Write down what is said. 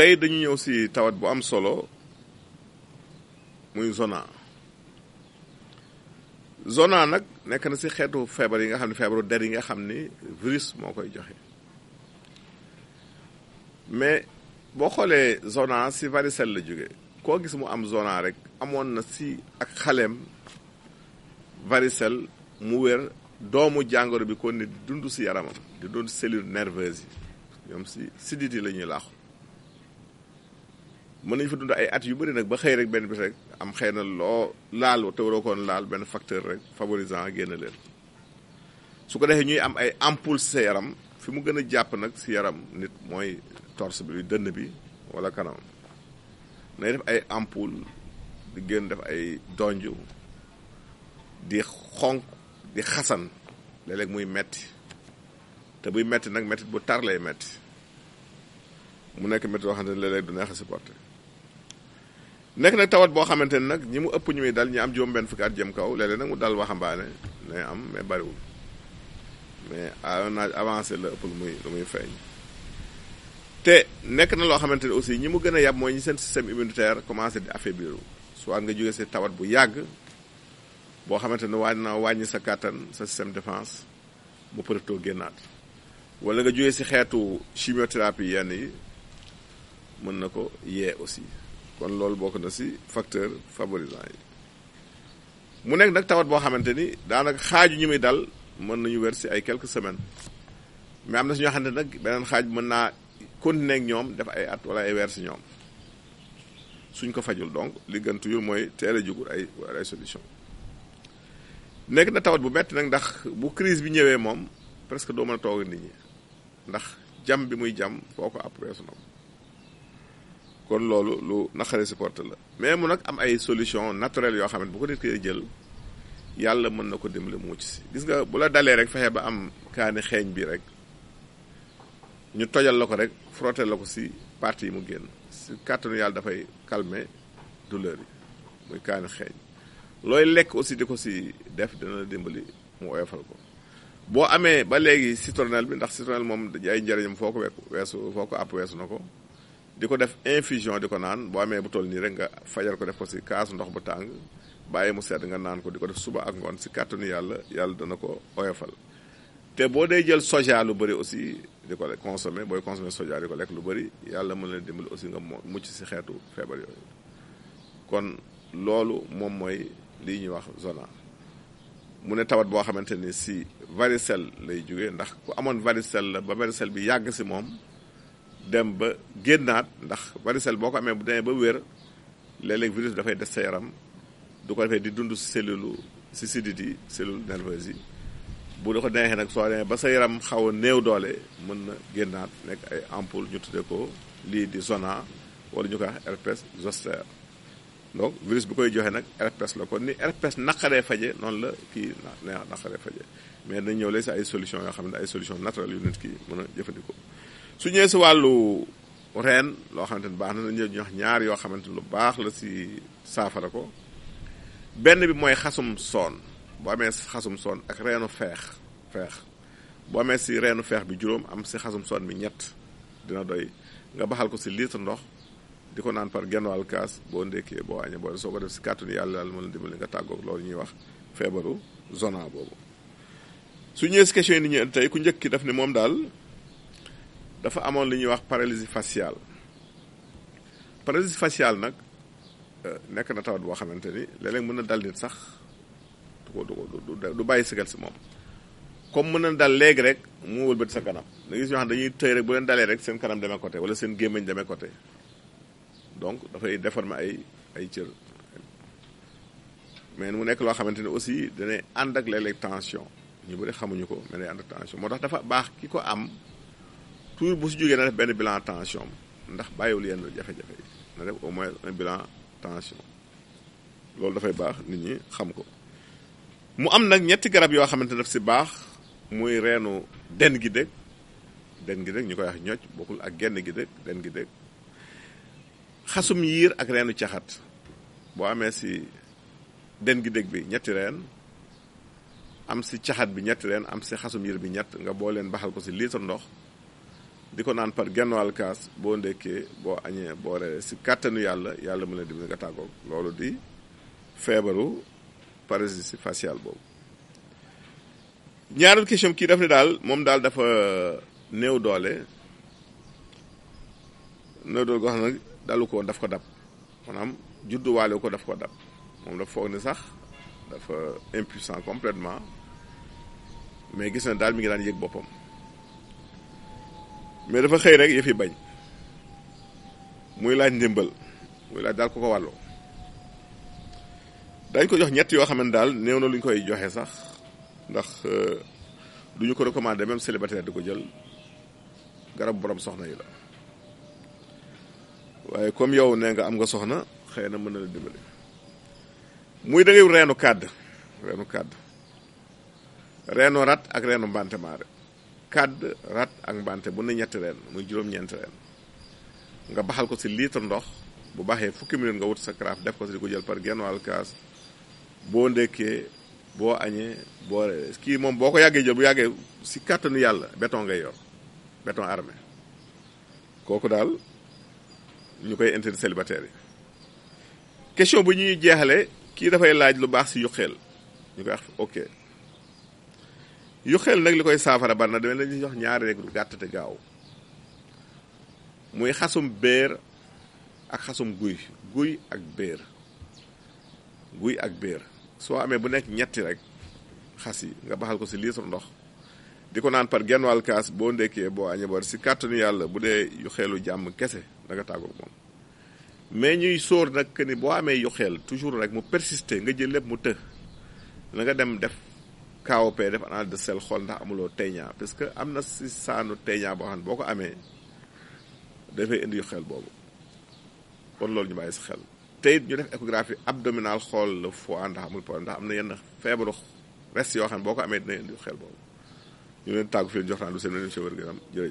tey dañu ñëw si tawat bu am solo muy zona zona nag nekk na si xeetu feebar yi nga xam ne feebaru der yi nga xam ni virus moo koy joxe mais boo xoolee zona si varicelle la jóge koo gis mu am zona rek amoon na si ak xaleem varicelle mu wér doomu jàngoro bi kon ne dund si yaramam di dund cellule nerveuse yi ñoom si sidit yi la ñuy laaxu mën nañ fa dund ay at yu bëri nag ba xëy rek benn bi rek am xëy na loo laal te waroo koon laal benn facteur rek favorisant génn leen su ko defee ñuy am ay ampoule si sa yaram fi mu gën a jàpp nag si yaram nit mooy torse bi dënn bi wala kanam nay def ay ampoule di génn def ay donj di xonq di xasan léeg-léeg muy metti te buy metti nag mettit bu tar lay metti mu nekk métti yoo xam ne léeg-léeg du neex a supporter nek nak tawat bo xamantene nak ñi mu ëpp ñu dal ñi am juroom benn fukki at jëm kaw lele nak mu dal waxambaane ne am mais bariwul mais à un avancé la ëpp lu muy lu muy feeñ te nekk na loo xamante ne aussi ñi mu gën a yab mooy ñi seen système immunitaire commencé di affaiblir soit nga jóge si tawat bu yàgg boo xamante ne na wàññi sa kàttan sa système défense mu përëtoo génnaat wala nga jóge si xeetu chimiothérapie yenn yi mën na ko yee aussi kon loolu bokk na si facteur favorisant yi mu nekk nag tawat boo xamante ni daanaka xaaju ñu muy dal mën nañu wër si ay quelques semaines mais am na si ñoo xamante nag beneen mën naa continuer ak ñoom def ay at wala ay weer si ñoom suñ ko fajul donc li gën toujours mooy teel a ay ay solution nekk na tawat bu metti nag ndax bu crise bi ñëwee moom presque doo mën a nit ñi ndax jam bi muy jam foo ko app kon loolu lu naqare supporter la mais mu nag am ay solution naturelle yoo xam ne bu ko nit ki jël yàlla mën na ko dimbali mu mucc si gis nga bu la dalee rek fexe ba am kaani xeeñ bi rek ñu tojal la ko rek frotter la ko si partie yi mu génn si kàttanu yàlla dafay calmer douleur yi muy kaani xeeñ looy lekk aussi di ko si def dina dimbali mu oyofal ko boo amee ba léegi citronnelle bi ndax citronnelle moom ay njëriñam foo ko weesu foo ko àpp weesu na ko di ko def infusion di ko naan boo amee bu toll nii rek nga fajal ko def ko si kaasu ndox bu tàng bàyyi mu sedd nga naan ko di ko def suba ak ngoon si kàttanu yàlla yàlla dana ko oyofal te boo dee jël soja lu bëri aussi di ko consommer booy consommer soja di ko lekk lu bari yàlla mën leen dimbali aussi nga mucc si xeetu feebar yooyu kon loolu moom mooy lii ñuy wax zona mu ne tawat boo xamante ni si sel lay jóge ndax ku amoon vari varicelle la ba varicelle bi yàgg si moom dem ba génnaat ndax varicelle boo ko amee bu demee ba wér léeg-léeg virus dafay des sa yaram du ko defee di dund si cellule si sidit yi cellule nerveuse yi bu da ko neexee nag soo demee ba sa yaram xaw a néew doole mën na génnaat nekk ay ampoule ñu tuddee ko lii di zona wala ñu ko wax herpès zoster donc virus bi koy joxe nag herpès la kon ni herpès naqaree faje noonu la kii na naqaree faje mais nañ ñëw lay si ay solution yoo xam ne ay solution naturelle yu nit ki mën a jëfandikoo su ñëwee si wàllu reen loo xamante baax na ñu wax ñaar yoo xamante ni lu baax la si saafara ko benn bi mooy xasum soon boo amee xasum soon ak reenu feex feex boo amee si reenu feex bi juróom am si xasum soon bi ñett dina doy nga baxal ko si litre ndox di ko naan par genn wàll kaas boo ndékkee boo añee boo soo ko def si kàttanu yàlla daal mën la nga tàggoog loolu ñuy wax feebaru zona boobu su ñëwee si question yi ni tey ku njëkk ki daf ne moom daal dafa amoon li ñuy wax paralysie faciale paralysie faciale nag euh, nekk na tawat boo xamante ni léeg sax du du comme mën dal léegi rek sa kanam da gis xam dañuy tëy rek bu leen dalee rek seen kanam demee côté wala seen demee côté donc dafay déformer ay ay cër mais mu aussi danay ak tension ñu xamuñu ko mais day tension am tour bu si jógee na def benn bilan tension ndax bàyyiwul yenn jafe-jafe yi na def au moins un bilan tension loolu dafay baax nit ñi xam ko mu am nag ñetti garab yoo xamante daf si baax muy reenu den gi den gi dëgg ñu koy wax ñoc bokkul ak genn gi den gi Hasumir xasum yiir ak reenu caxat boo amee si den gi bi ñetti reen am si caxat bi ñetti reen am si xasum yiir bi ñett nga boo leen baxal ko si litre ndox diko ko naan par genn wàll boo ndekkee boo añee boo a si kàttanu yàlla yàlla mën na dimbali nga loolu di feebaru paralysie faciale boobu. ñaareel question kii daf ne daal moom daal dafa euh, néew doole néew doole goo xam ne dalu ko daf ko dab maanaam judduwaale ko daf ko dab moom daf foog sax dafa impuissant complètement mais gis na daal mi ngi daan yëg boppam. mais dafa xëy rek yëf yi bañ muy laaj ndimbal muy laaj daal ku ko wàllu dañ ko jox ñett yoo xam daal néew na lu koy joxe sax ndax euh, du ñu ko recommander même célibataire di ko jël garab borom soxna yi la waaye comme yow nee nga am nga soxna xëy na mën na la dimbali muy da reenu kàdd reenu kàdd reenu rat ak reenu mbante maare kàdd rat ak mbante bu ne ñetti reen muy juróom-ñeenti reen nga baxal ko si litre ndox bu baaxee fukki minute nga wut sa carafe def ko si di ko jël par gen wàll kaas boo ndekkee boo añee boo reeree kii moom boo ko yàggee jël bu yàggee si kàttanu yàlla béton ngay yor béton armé kooku daal ñu koy interdit célibataire yi question bu ñuy jeexale kii dafay laaj lu baax si yuqeel ñu koy wax ok yu xel nag li koy saafara bar na dama lañu jox ñaari rek lu gàtt gaaw muy xasum beer ak xasum guy guy ak beer guy ak beer soo amee bu nekk ñetti rek xas yi nga baxal ko si litre ndox di ko naan par genwal kaas boo ndekkee boo añe bar si kàttanu yàlla bu dee yu xeelu jàmm kese da nga tàggoog moom mais ñuy sóor nag que ni boo amee yu xeel toujours rek mu persister nga jël lépp mu të na nga dem def KOP def analyse de sel xool ndax amuloo teeñaa parce que am na si saanu teeñaa boo xam ne boo ko amee dafay indi xel boobu kon loolu ñu bàyyi si xel te it ñu def échographie abdominale xool la foie ndax amul problème ndax am na yenn feebaru res yoo xam boo ko amee ne indi xel boobu ñu leen tàggu fi jox naan lu seen meneen si wér-gu-yaram jërëjëf